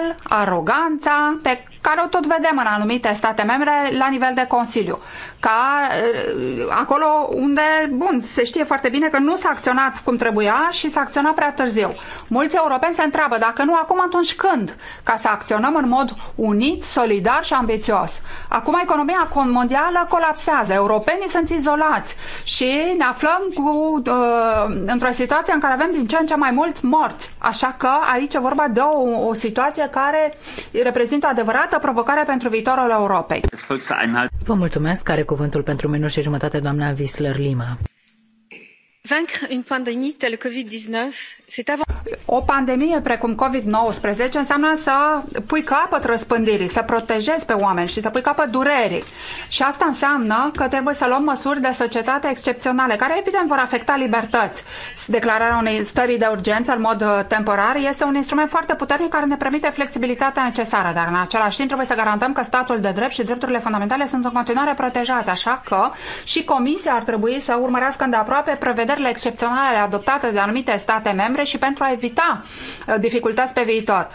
moral, aroganța pe care o tot vedem în anumite state membre la nivel de Consiliu. Ca, uh, acolo unde, bun, se știe foarte bine că nu s-a acționat cum trebuia și s-a acționat prea târziu. Mulți europeni se întreabă, dacă nu acum, atunci când? Ca să acționăm în mod unit, solidar și ambițios. Acum economia mondială colapsează, europenii sunt izolați și ne aflăm cu, uh, într-o situație în care avem din ce în ce mai mulți morți. Așa că aici e vorba de o, o situație care reprezintă adevărată provocare pentru viitorul Europei. Vă mulțumesc. care cuvântul pentru minut și jumătate doamna Visler Lima. O pandemie precum COVID-19 înseamnă să pui capăt răspândirii, să protejezi pe oameni și să pui capăt durerii. Și asta înseamnă că trebuie să luăm măsuri de societate excepționale, care evident vor afecta libertăți. Declararea unei stări de urgență în mod uh, temporar este un instrument foarte puternic care ne permite flexibilitatea necesară, dar în același timp trebuie să garantăm că statul de drept și drepturile fundamentale sunt în continuare protejate, așa că și Comisia ar trebui să urmărească îndeaproape prevederile măsurile excepționale adoptate de anumite state membre și pentru a evita uh, dificultăți pe viitor.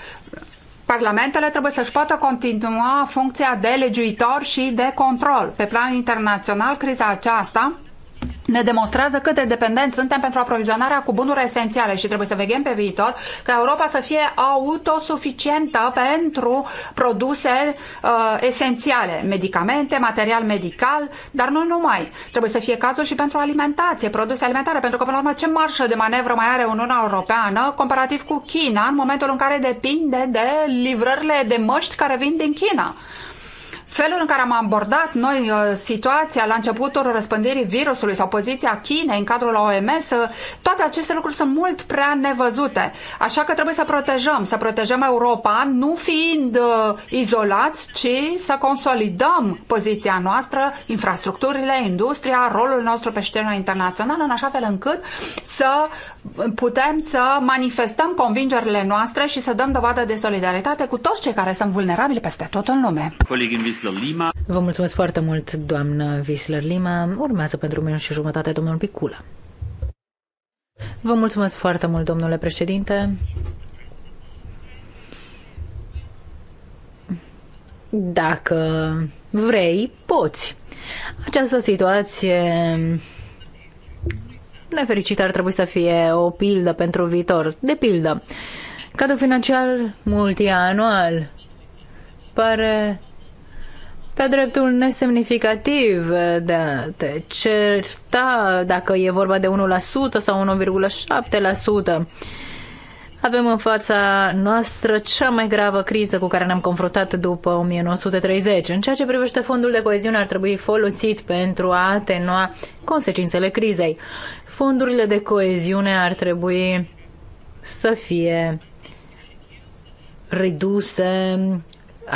Parlamentele trebuie să-și poată continua funcția de legiuitor și de control. Pe plan internațional, criza aceasta ne demonstrează cât de dependenți suntem pentru aprovizionarea cu bunuri esențiale și trebuie să veghem pe viitor ca Europa să fie autosuficientă pentru produse uh, esențiale, medicamente, material medical, dar nu numai. Trebuie să fie cazul și pentru alimentație, produse alimentare, pentru că, până la urmă, ce marșă de manevră mai are Uniunea Europeană comparativ cu China în momentul în care depinde de livrările de măști care vin din China? felul în care am abordat noi uh, situația la începutul răspândirii virusului sau poziția Chinei în cadrul OMS, uh, toate aceste lucruri sunt mult prea nevăzute. Așa că trebuie să protejăm, să protejăm Europa, nu fiind uh, izolați, ci să consolidăm poziția noastră, infrastructurile, industria, rolul nostru pe scena internațională, în așa fel încât să putem să manifestăm convingerile noastre și să dăm dovadă de solidaritate cu toți cei care sunt vulnerabili peste tot în lume. Colegii Wiesler Lima. Vă mulțumesc foarte mult, doamnă Wiesler Lima. Urmează pentru mine și jumătate domnul Picula. Vă mulțumesc foarte mult, domnule președinte. Dacă vrei, poți. Această situație nefericită ar trebui să fie o pildă pentru viitor. De pildă, cadrul financiar multianual pare pe dreptul nesemnificativ de a te certa dacă e vorba de 1% sau 1,7%. Avem în fața noastră cea mai gravă criză cu care ne-am confruntat după 1930. În ceea ce privește fondul de coeziune ar trebui folosit pentru a atenua consecințele crizei. Fondurile de coeziune ar trebui să fie reduse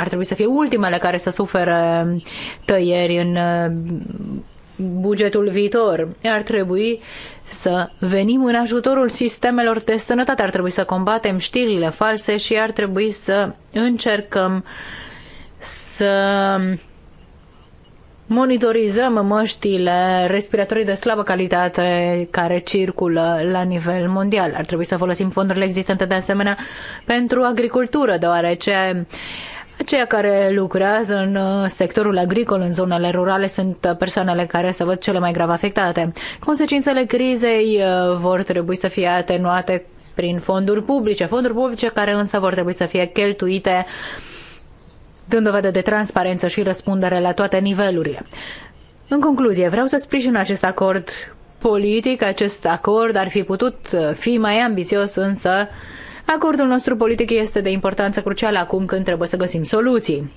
ar trebui să fie ultimele care să sufere tăieri în uh, bugetul viitor. Ar trebui să venim în ajutorul sistemelor de sănătate, ar trebui să combatem știrile false și ar trebui să încercăm să monitorizăm măștile respiratorii de slabă calitate care circulă la nivel mondial. Ar trebui să folosim fondurile existente de asemenea pentru agricultură, deoarece Aceia care lucrează în uh, sectorul agricol, în zonele rurale, sunt uh, persoanele care se văd cele mai grav afectate. Consecințele crizei uh, vor trebui să fie atenuate prin fonduri publice, fonduri publice care însă vor trebui să fie cheltuite dând dovadă de transparență și răspundere la toate nivelurile. În concluzie, vreau să sprijin acest acord politic, acest acord ar fi putut fi mai ambițios, însă Acordul nostru politic este de importanță crucială acum când trebuie să găsim soluții.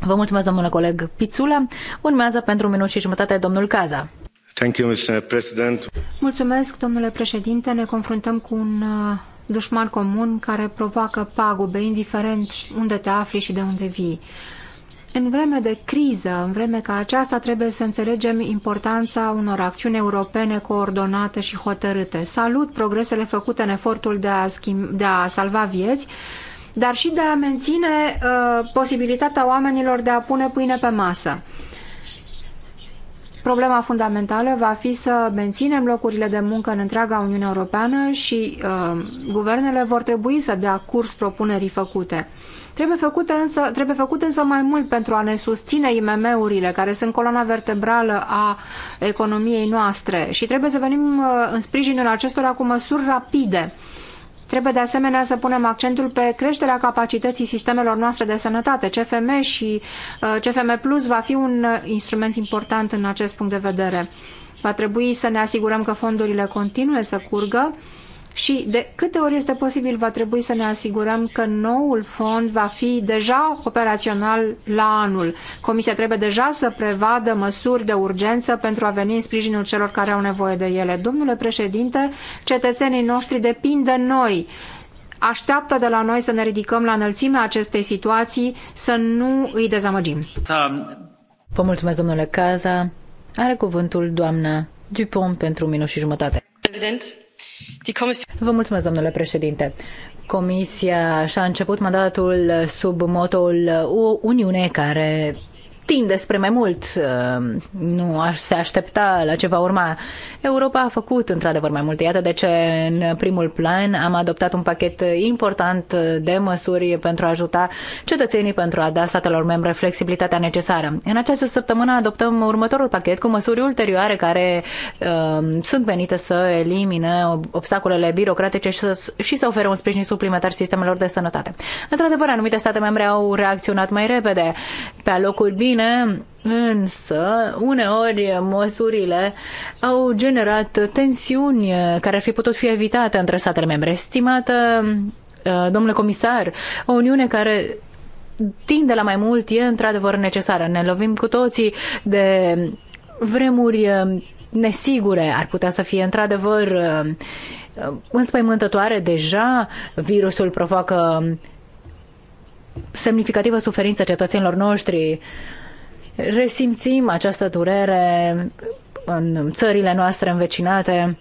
Vă mulțumesc, domnule coleg Pițula. Urmează pentru un minut și jumătate domnul Caza. Thank you, Mr. President. Mulțumesc, domnule președinte. Ne confruntăm cu un uh, dușman comun care provoacă pagube, indiferent unde te afli și de unde vii. În vreme de criză, în vreme ca aceasta, trebuie să înțelegem importanța unor acțiuni europene coordonate și hotărâte. Salut progresele făcute în efortul de a, de a salva vieți, dar și de a menține uh, posibilitatea oamenilor de a pune pâine pe masă. Problema fundamentală va fi să menținem locurile de muncă în întreaga Uniune Europeană și uh, guvernele vor trebui să dea curs propunerii făcute. Uh, Trebuie făcut, însă, trebuie făcut însă mai mult pentru a ne susține IMM-urile, care sunt coloana vertebrală a economiei noastre și trebuie să venim uh, în sprijinul acestora cu măsuri rapide. Trebuie de asemenea să punem accentul pe creșterea capacității sistemelor noastre de sănătate. CFM și uh, CFM Plus va fi un uh, instrument important în acest punct de vedere. Va trebui să ne asigurăm că fondurile continue să curgă și de câte ori este posibil va trebui să ne asigurăm că noul fond va fi deja operațional la anul. Comisia trebuie deja să prevadă măsuri de urgență pentru a veni în sprijinul celor care au nevoie de ele. Domnule președinte, cetățenii noștri depind de noi așteaptă de la noi să ne ridicăm la înălțimea acestei situații, să nu îi dezamăgim. Da. Vă mulțumesc, domnule Caza. Are cuvântul doamna Dupont pentru un minut și jumătate. Vă mulțumesc, domnule președinte. Comisia și-a început mandatul sub motoul Uniune care tinde spre mai mult. Uh, nu aș se aștepta la ce va urma. Europa a făcut într-adevăr mai mult. Iată de ce în primul plan am adoptat un pachet important de măsuri pentru a ajuta cetățenii pentru a da statelor membre flexibilitatea necesară. În această săptămână adoptăm următorul pachet cu măsuri ulterioare care uh, sunt venite să elimine obstacolele birocratice și să, și să ofere un sprijin suplimentar sistemelor de sănătate. Într-adevăr, anumite state membre au reacționat mai repede. Pe alocuri bine bine, însă uneori măsurile au generat tensiuni care ar fi putut fi evitate între statele membre. Stimată uh, domnule comisar, o Uniune care tinde la mai mult e într-adevăr necesară. Ne lovim cu toții de vremuri uh, nesigure, ar putea să fie într-adevăr uh, înspăimântătoare deja. Virusul provoacă semnificativă suferință cetățenilor noștri. Uh, resimțim această durere în țările noastre învecinate.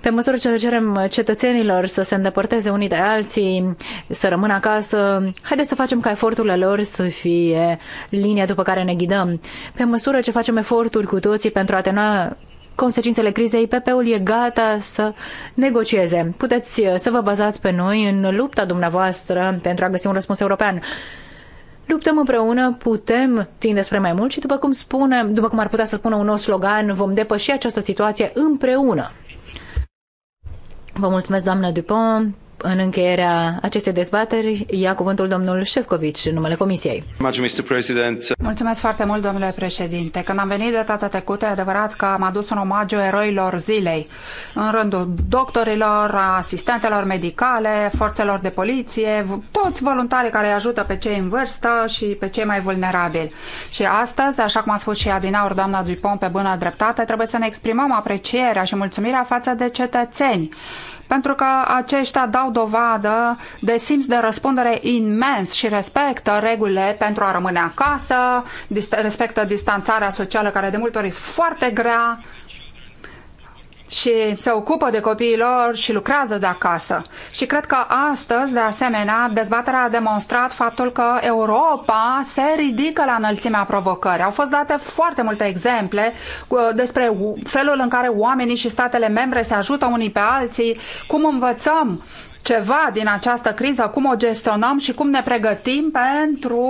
Pe măsură ce le cerem cetățenilor să se îndepărteze unii de alții, să rămână acasă, haideți să facem ca eforturile lor să fie linia după care ne ghidăm. Pe măsură ce facem eforturi cu toții pentru a atenua consecințele crizei, PP-ul e gata să negocieze. Puteți să vă bazați pe noi în lupta dumneavoastră pentru a găsi un răspuns european luptăm împreună, putem tinde spre mai mult și după cum spunem, după cum ar putea să spună un nou slogan, vom depăși această situație împreună. Vă mulțumesc, doamnă Dupont, în încheierea acestei dezbateri ia cuvântul domnul Șefcovici în numele Comisiei. Mulțumesc foarte mult, domnule președinte. Când am venit de data trecută, e adevărat că am adus un omagiu eroilor zilei, în rândul doctorilor, asistentelor medicale, forțelor de poliție, toți voluntarii care îi ajută pe cei în vârstă și pe cei mai vulnerabili. Și astăzi, așa cum a spus și Adinaur, doamna Dupont, pe bună dreptate, trebuie să ne exprimăm aprecierea și mulțumirea față de cetățeni pentru că aceștia dau dovadă de simț de răspundere imens și respectă regulile pentru a rămâne acasă, respectă distanțarea socială care de multe ori e foarte grea și se ocupă de copiilor și lucrează de acasă. Și cred că astăzi, de asemenea, dezbaterea a demonstrat faptul că Europa se ridică la înălțimea provocării. Au fost date foarte multe exemple uh, despre felul în care oamenii și statele membre se ajută unii pe alții, cum învățăm ceva din această criză, cum o gestionăm și cum ne pregătim pentru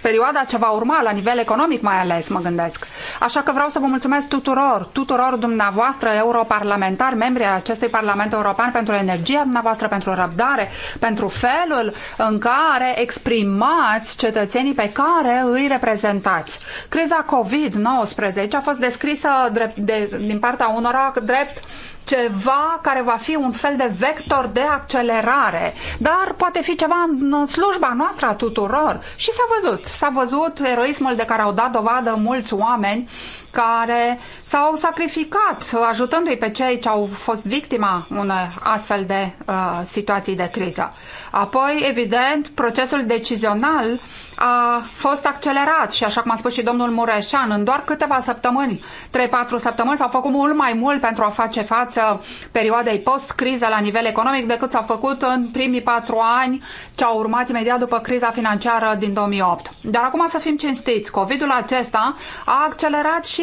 perioada ce va urma, la nivel economic mai ales, mă gândesc. Așa că vreau să vă mulțumesc tuturor, tuturor dumneavoastră, europarlamentari, membri ai acestui Parlament European, pentru energia dumneavoastră, pentru răbdare, pentru felul în care exprimați cetățenii pe care îi reprezentați. Criza COVID-19 a fost descrisă drept, de, din partea unora drept ceva care va fi un fel de vector de accelerare, dar poate fi ceva în slujba noastră a tuturor. Și s-a văzut, s-a văzut eroismul de care au dat dovadă mulți oameni care s-au sacrificat ajutându-i pe cei ce au fost victima unei astfel de uh, situații de criză. Apoi, evident, procesul decizional a fost accelerat și, așa cum a spus și domnul Mureșan, în doar câteva săptămâni, 3-4 săptămâni, s-au făcut mult mai mult pentru a face față perioadei post-criză la nivel economic decât s-au făcut în primii patru ani ce au urmat imediat după criza financiară din 2008. Dar acum să fim cinstiți, COVID-ul acesta a accelerat și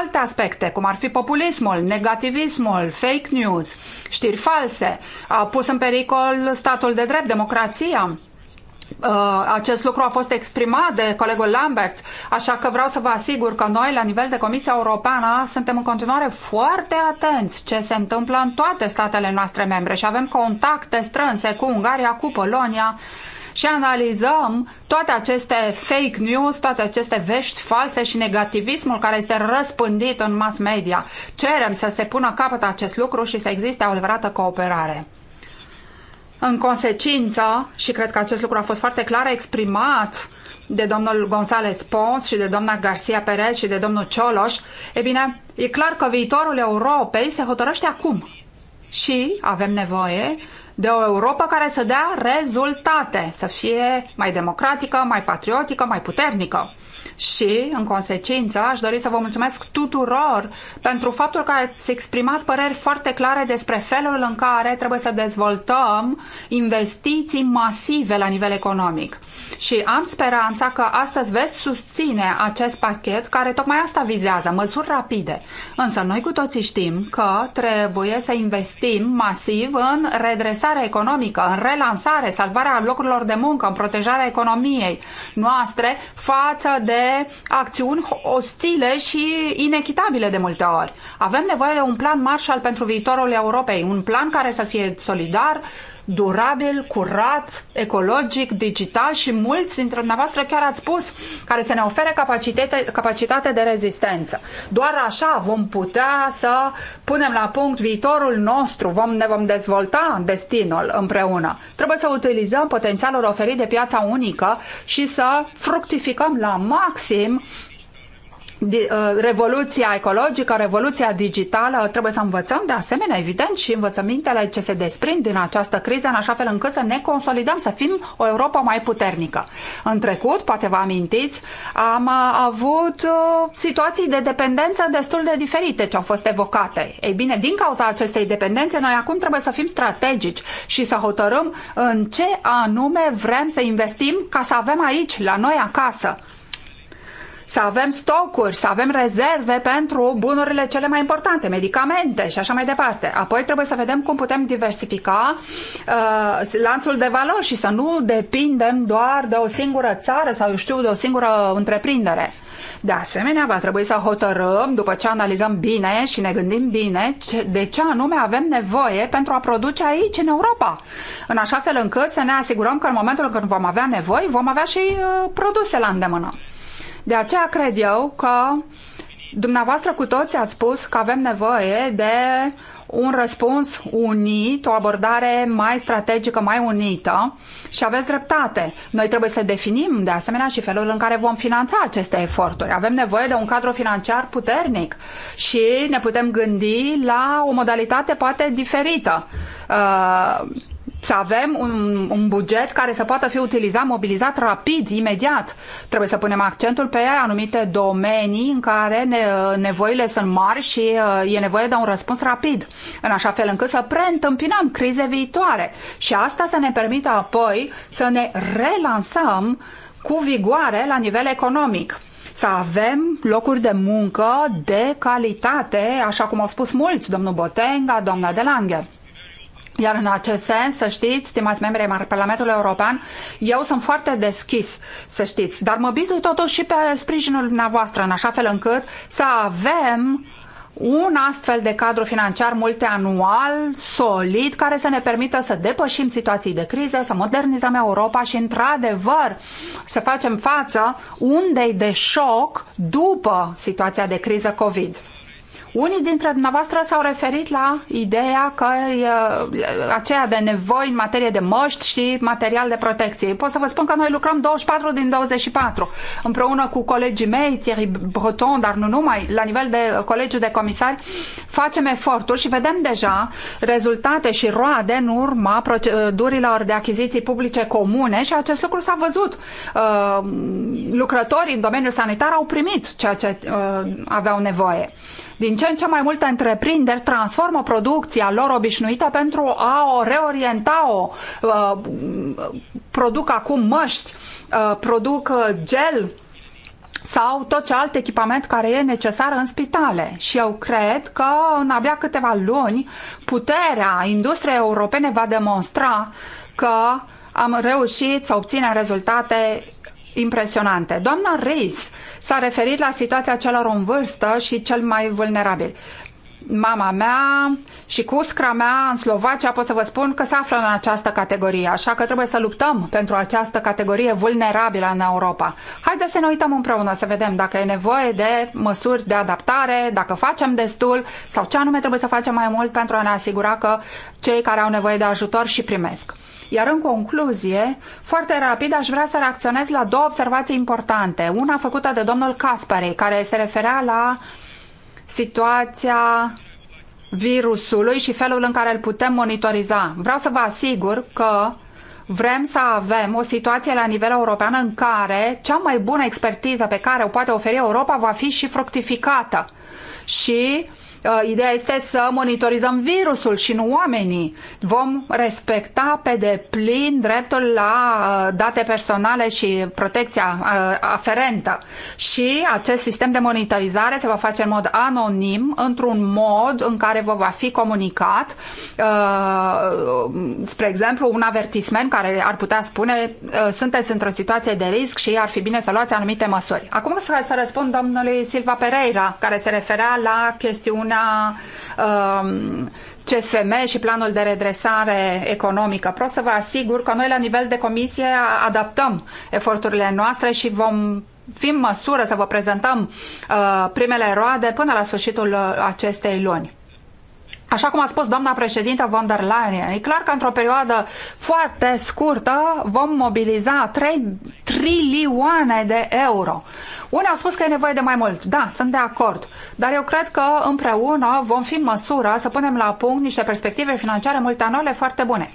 alte aspecte aspecte, cum ar fi populismul, negativismul, fake news, știri false, a pus în pericol statul de drept, democrația. Uh, acest lucru a fost exprimat de colegul Lambert, așa că vreau să vă asigur că noi, la nivel de Comisia Europeană, suntem în continuare foarte atenți ce se întâmplă în toate statele noastre membre și avem contacte strânse cu Ungaria, cu Polonia, și analizăm toate aceste fake news, toate aceste vești false și negativismul care este răspândit în mass media. Cerem să se pună capăt acest lucru și să existe o adevărată cooperare. În consecință, și cred că acest lucru a fost foarte clar exprimat de domnul González Pons și de doamna Garcia Perez și de domnul Cioloș, e bine, e clar că viitorul Europei se hotărăște acum. Și avem nevoie de o Europa care să dea rezultate, să fie mai democratică, mai patriotică, mai puternică și, în consecință, aș dori să vă mulțumesc tuturor pentru faptul că ați exprimat păreri foarte clare despre felul în care trebuie să dezvoltăm investiții masive la nivel economic. Și am speranța că astăzi veți susține acest pachet care tocmai asta vizează, măsuri rapide. Însă noi cu toții știm că trebuie să investim masiv în redresare economică, în relansare, salvarea locurilor de muncă, în protejarea economiei noastre față de acțiuni ostile și inechitabile de multe ori. Avem nevoie de un plan Marshall pentru viitorul Europei, un plan care să fie solidar, durabil, curat, ecologic, digital și mulți dintre dumneavoastră chiar ați spus, care să ne ofere capacitate, capacitate de rezistență. Doar așa vom putea să punem la punct viitorul nostru, vom, ne vom dezvolta destinul împreună. Trebuie să utilizăm potențialul oferit de piața unică și să fructificăm la maxim Uh, revoluția ecologică, revoluția digitală, trebuie să învățăm de asemenea, evident, și învățămintele ce se desprind din această criză, în așa fel încât să ne consolidăm, să fim o Europa mai puternică. În trecut, poate vă amintiți, am uh, avut uh, situații de dependență destul de diferite ce au fost evocate. Ei bine, din cauza acestei dependențe, noi acum trebuie să fim strategici și să hotărâm în ce anume vrem să investim ca să avem aici, la noi acasă, să avem stocuri, să avem rezerve pentru bunurile cele mai importante, medicamente și așa mai departe. Apoi trebuie să vedem cum putem diversifica uh, lanțul de valori și să nu depindem doar de o singură țară sau, eu știu, de o singură întreprindere. De asemenea, va trebui să hotărâm, după ce analizăm bine și ne gândim bine, de ce anume avem nevoie pentru a produce aici, în Europa. În așa fel încât să ne asigurăm că în momentul când vom avea nevoie, vom avea și uh, produse la îndemână. De aceea cred eu că dumneavoastră cu toți ați spus că avem nevoie de un răspuns unit, o abordare mai strategică, mai unită și aveți dreptate. Noi trebuie să definim de asemenea și felul în care vom finanța aceste eforturi. Avem nevoie de un cadru financiar puternic și ne putem gândi la o modalitate poate diferită. Uh, să avem un, un buget care să poată fi utilizat, mobilizat rapid, imediat. Trebuie să punem accentul pe anumite domenii în care ne, nevoile sunt mari și uh, e nevoie de un răspuns rapid, în așa fel încât să preîntâmpinăm crize viitoare. Și asta să ne permită apoi să ne relansăm cu vigoare la nivel economic să avem locuri de muncă de calitate, așa cum au spus mulți, domnul Botenga, doamna Delanghe. Iar în acest sens, să știți, stimați membri ai Parlamentului European, eu sunt foarte deschis, să știți, dar mă bizui totuși și pe sprijinul dumneavoastră, în așa fel încât să avem un astfel de cadru financiar multianual, solid, care să ne permită să depășim situații de criză, să modernizăm Europa și, într-adevăr, să facem față undei de șoc după situația de criză COVID. Unii dintre dumneavoastră s-au referit la ideea că e aceea de nevoi în materie de măști și material de protecție. Pot să vă spun că noi lucrăm 24 din 24 împreună cu colegii mei, Thierry Breton, dar nu numai, la nivel de colegiu de comisari, facem eforturi și vedem deja rezultate și roade în urma procedurilor de achiziții publice comune și acest lucru s-a văzut. Uh, lucrătorii în domeniul sanitar au primit ceea ce uh, aveau nevoie. Din ce în ce mai multe întreprinderi transformă producția lor obișnuită pentru a o reorienta-o. Uh, produc acum măști, uh, produc uh, gel sau tot ce alt echipament care e necesar în spitale. Și eu cred că în abia câteva luni puterea industriei europene va demonstra că am reușit să obținem rezultate impresionante. Doamna Reis s-a referit la situația celor în vârstă și cel mai vulnerabil mama mea și cuscra mea în Slovacia pot să vă spun că se află în această categorie, așa că trebuie să luptăm pentru această categorie vulnerabilă în Europa. Haideți să ne uităm împreună să vedem dacă e nevoie de măsuri de adaptare, dacă facem destul sau ce anume trebuie să facem mai mult pentru a ne asigura că cei care au nevoie de ajutor și primesc. Iar în concluzie, foarte rapid aș vrea să reacționez la două observații importante. Una făcută de domnul Caspare, care se referea la situația virusului și felul în care îl putem monitoriza. Vreau să vă asigur că vrem să avem o situație la nivel european în care cea mai bună expertiză pe care o poate oferi Europa va fi și fructificată. Și uh, Uh, ideea este să monitorizăm virusul și nu oamenii. Vom respecta pe deplin dreptul la uh, date personale și protecția uh, aferentă. Și acest sistem de monitorizare se va face în mod anonim, într-un mod în care vă va fi comunicat, spre exemplu, un avertisment care ar putea spune sunteți într-o situație de risc și ar fi bine să luați anumite măsuri. Acum să, să răspund domnului Silva Pereira, care se referea la chestiunea asemenea CFM um, și planul de redresare economică. Vreau să vă asigur că noi la nivel de comisie adaptăm eforturile noastre și vom fi în măsură să vă prezentăm uh, primele roade până la sfârșitul uh, acestei luni. Așa cum a spus doamna președintă von der Leyen, e clar că într-o perioadă foarte scurtă vom mobiliza 3 trilioane de euro. Unii au spus că e nevoie de mai mult. Da, sunt de acord. Dar eu cred că împreună vom fi în măsură să punem la punct niște perspective financiare multianuale foarte bune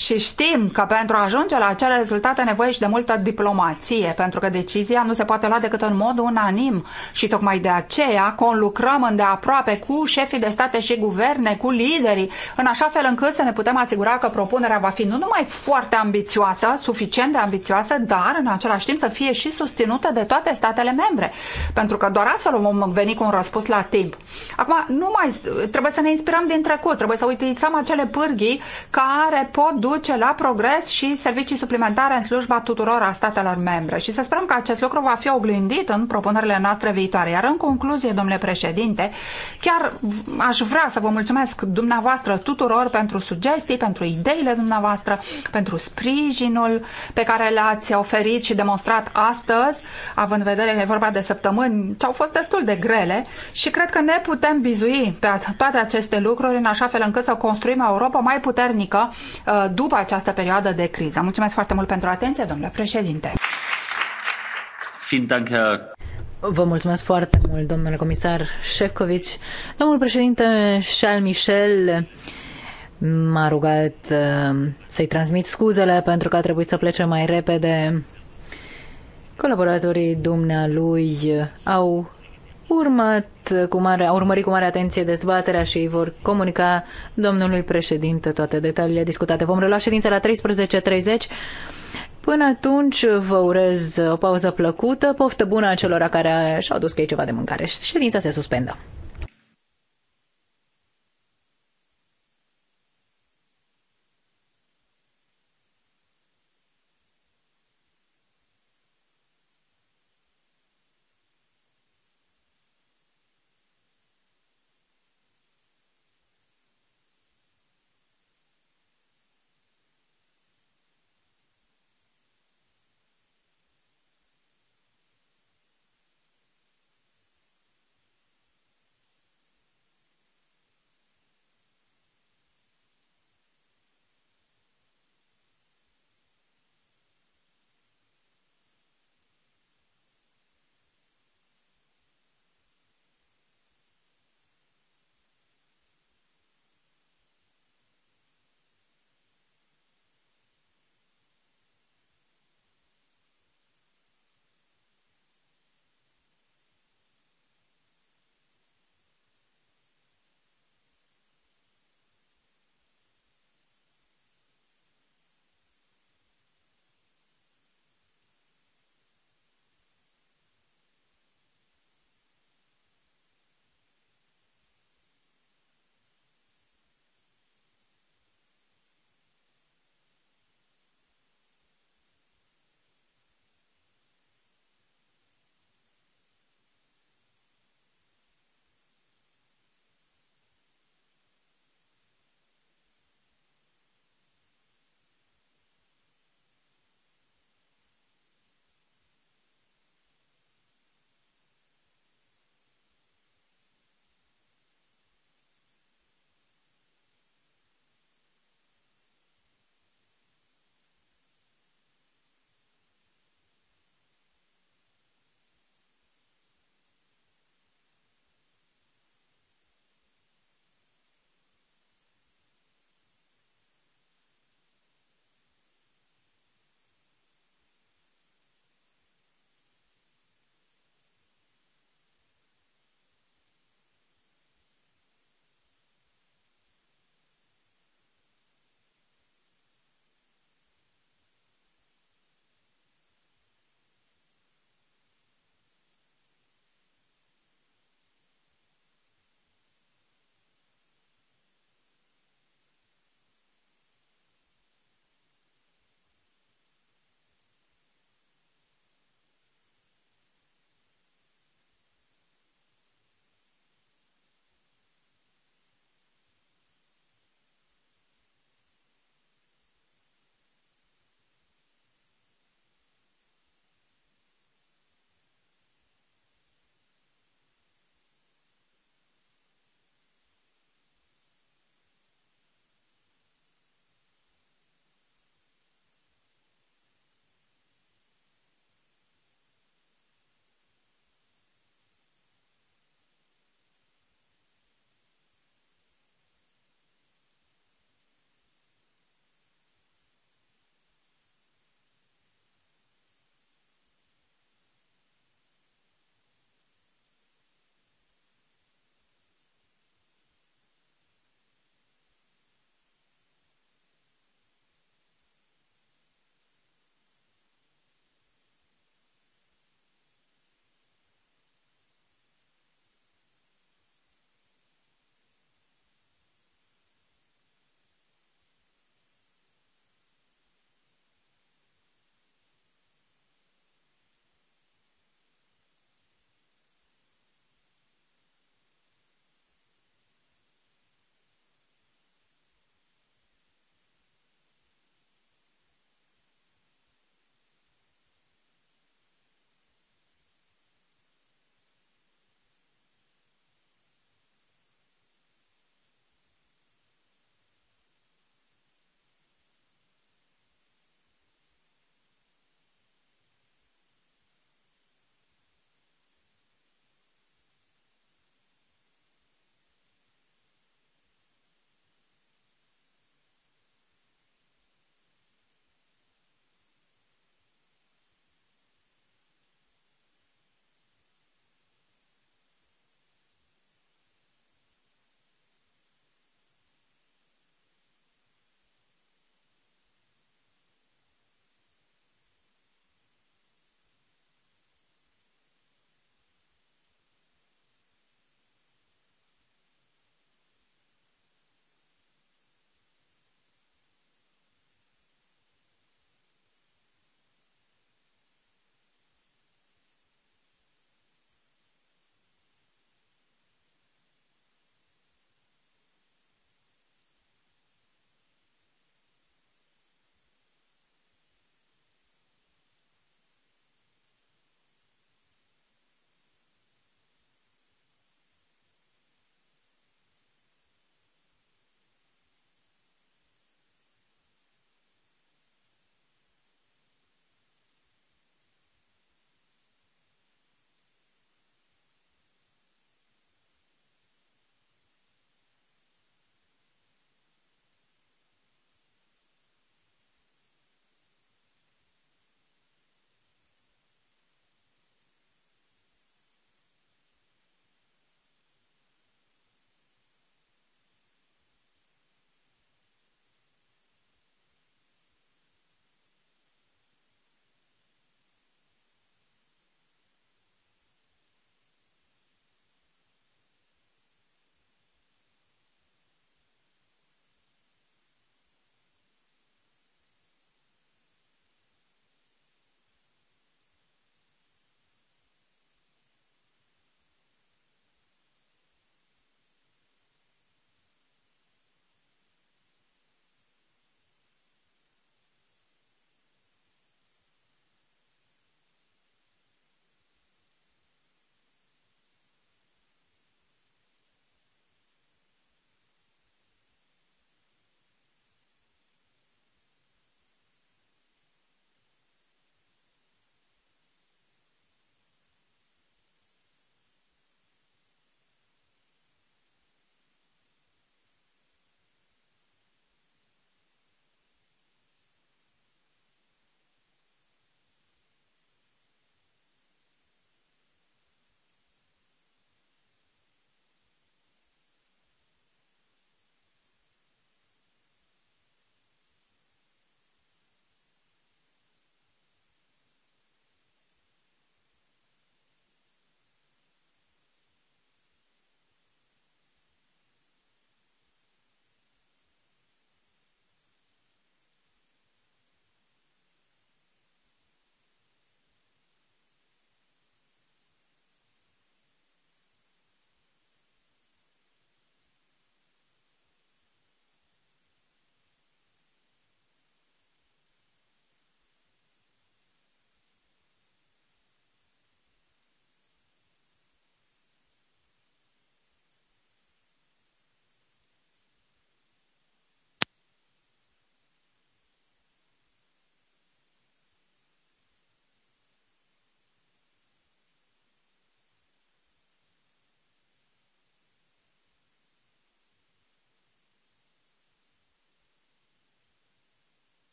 și știm că pentru a ajunge la acele rezultate nevoie și de multă diplomație, pentru că decizia nu se poate lua decât în mod unanim și tocmai de aceea conlucrăm îndeaproape cu șefii de state și guverne, cu liderii, în așa fel încât să ne putem asigura că propunerea va fi nu numai foarte ambițioasă, suficient de ambițioasă, dar în același timp să fie și susținută de toate statele membre, pentru că doar astfel vom veni cu un răspuns la timp. Acum, nu mai trebuie să ne inspirăm din trecut, trebuie să uităm acele pârghii care pot du duce la progres și servicii suplimentare în slujba tuturor a statelor membre. Și să sperăm că acest lucru va fi oglindit în propunerile noastre viitoare. Iar în concluzie, domnule președinte, chiar aș vrea să vă mulțumesc dumneavoastră tuturor pentru sugestii, pentru ideile dumneavoastră, pentru sprijinul pe care le ați oferit și demonstrat astăzi, având în vedere că e vorba de săptămâni ce au fost destul de grele și cred că ne putem bizui pe toate aceste lucruri în așa fel încât să construim o Europa mai puternică uh, după această perioadă de criză. Mulțumesc foarte mult pentru atenție, domnule președinte. Vă mulțumesc foarte mult, domnule comisar Șefcovici. Domnul președinte Charles Michel m-a rugat uh, să-i transmit scuzele pentru că a trebuit să plece mai repede. Colaboratorii dumnealui au urmat cu mare, a urmărit cu mare atenție dezbaterea și vor comunica domnului președinte toate detaliile discutate. Vom relua ședința la 13.30. Până atunci vă urez o pauză plăcută, poftă bună a celor care și-au dus că e ceva de mâncare. Ședința se suspendă.